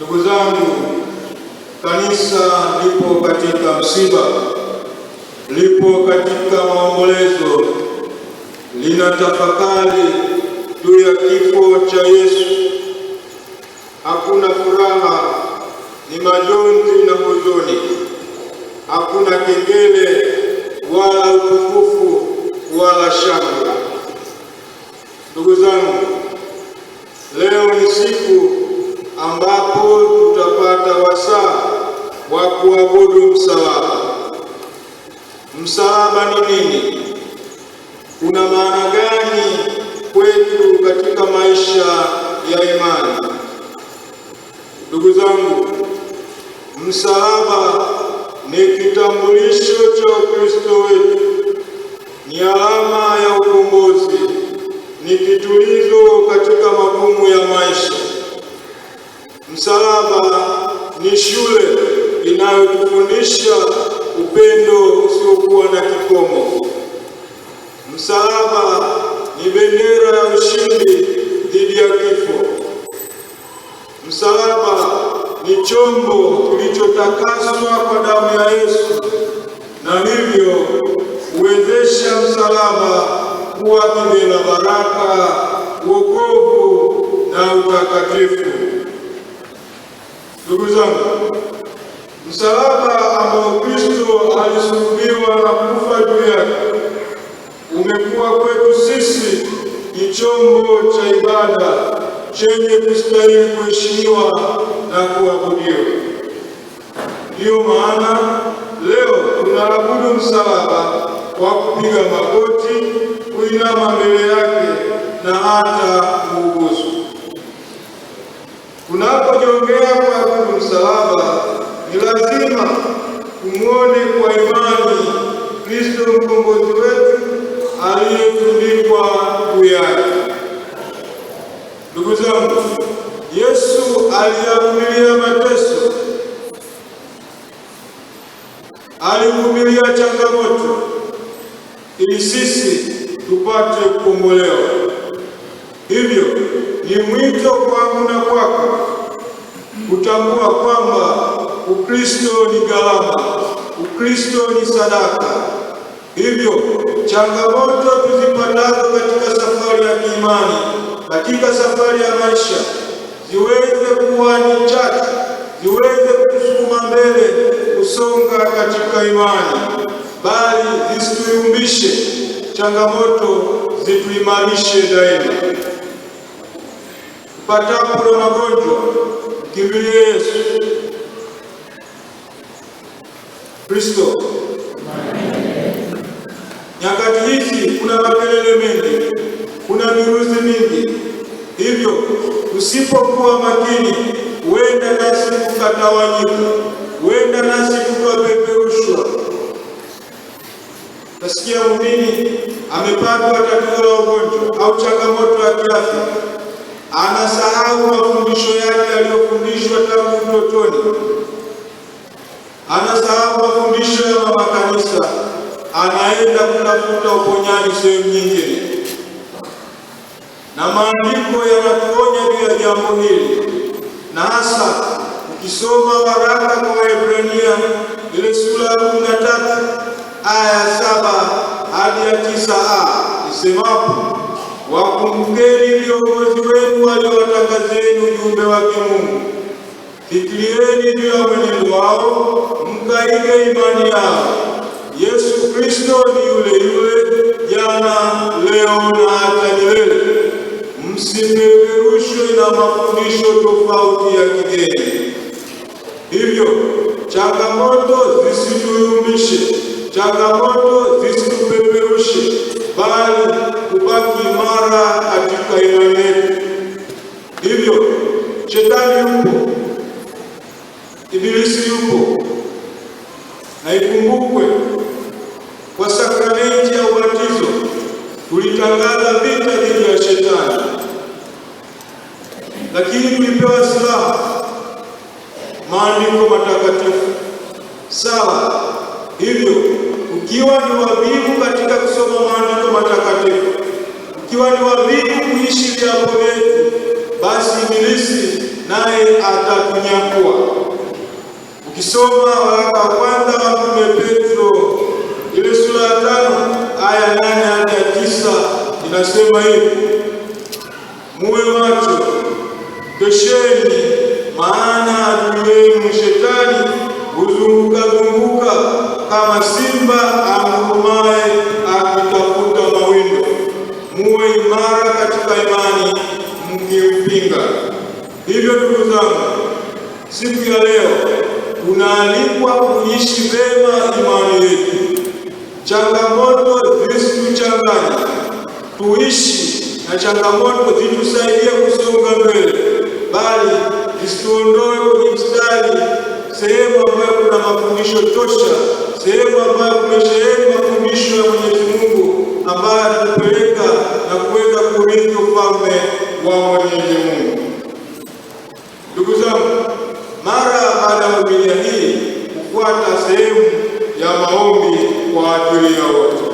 Ndugu zangu, kanisa lipo katika msiba, lipo katika maombolezo, lina tafakari juu ya kifo cha Yesu. Hakuna furaha, ni majonzi na huzuni. Hakuna kengele wala utukufu wala shangwe. Ndugu zangu, leo ni siku ambapo tutapata wasaa wa kuabudu msalaba. Msalaba ni nini? Una maana gani kwetu katika maisha ya imani? Ndugu zangu, msalaba ni kitambulisho cha Ukristo wetu, ni alama ya ukombozi, ni kitulizo katika magumu ya maisha. Msalaba ni shule inayotufundisha upendo usiokuwa na kikomo. Msalaba ni bendera ya ushindi dhidi ya kifo. Msalaba ni chombo kilichotakaswa kwa damu ya Yesu na hivyo huwezesha msalaba kuwa jiwe la baraka, wokovu na utakatifu. Ndugu zangu, msalaba ambao Kristo alisulubiwa na kufa juu yake umekuwa kwetu sisi ni chombo cha ibada chenye kustahili kuheshimiwa na kuabudiwa. Ndiyo maana leo tunaabudu msalaba kwa kupiga magoti, kuinama mbele yake na hata Tunapojongea kuabudu msalaba, ni lazima kumwone kwa imani Kristo mkombozi wetu aliyetundikwa juu yake. Ndugu zangu, Yesu aliyavumilia mateso, alivumilia changamoto ili sisi tupate kukombolewa. Hivyo ni mwito kwa na kwako kutambua kwamba Ukristo ni gharama, Ukristo ni sadaka. Hivyo changamoto tuzipandazo katika safari ya kiimani, katika safari ya maisha ziweze kuwa ni chachu, ziweze kusukuma mbele kusonga katika imani, bali zisituyumbishe. Changamoto zituimarishe daima pata na magonjwa, kimbilie Yesu Kristo. Nyakati hizi kuna makelele mengi, kuna miruzi mingi, hivyo usipokuwa makini, huenda nasi kukatawanyika, huenda nasi kukapeperushwa. Nasikia muumini amepatwa tatizo la ugonjwa au changamoto ya kiafya anasahau mafundisho yake aliyofundishwa tangu utotoni, anasahau mafundisho ya mama kanisa, anaenda kutafuta uponyaji sehemu nyingine. Na maandiko yanatuonya juu ya jambo hili, na hasa ukisoma waraka kwa Waebrania ile sura ya kumi na tatu aya ya saba hadi ya tisa a isemapo, wakumbukeni viongozi tangazeni ujumbe wake Mungu. Fikirieni juu ya mwenendo wao, mkaige imani yao. Yesu Kristo ni yule yule jana, leo na hata milele. Msipeperushwe na mafundisho tofauti ya kigeni. Hivyo changamoto zisituyumbishe, changamoto zisitupeperushe, bali kubaki imara katika imani hivyo, shetani yupo, ibilisi yupo, na ikumbukwe kwa sakramenti ya ubatizo tulitangaza vita dhidi ya shetani, lakini tulipewa silaha maandiko matakatifu sawa. Hivyo ukiwa ni wavivu katika kusoma maandiko matakatifu, ukiwa ni wavivu kuishi jambo letu basi Ibilisi naye atakunyakua. Ukisoma waraka wa kwanza wa Mtume Petro ile sura ya tano aya nane hadi ya tisa inasema hivi: muwe macho, kesheni, maana adui yenu Shetani huzungukazunguka kama simba angurumaye akitafuta mawindo. Muwe imara katika imani mkiupinga. Hivyo ndugu zangu, siku ya leo tunaalikwa kuishi vema imani yetu. Changamoto zisituchanganya, tuishi na changamoto zitusaidie kusonga mbele, bali zisituondoe kwenye mstari, sehemu ambayo kuna mafundisho tosha, sehemu ambayo kumesheheni mafundisho ya Mwenyezi Mungu ambayo anatupeleka na kuweza kurithi ufalme wao Mwenyezi Mungu. Ndugu zangu, mara baada ya hubilia hii hufuata sehemu ya maombi kwa ajili ya wote.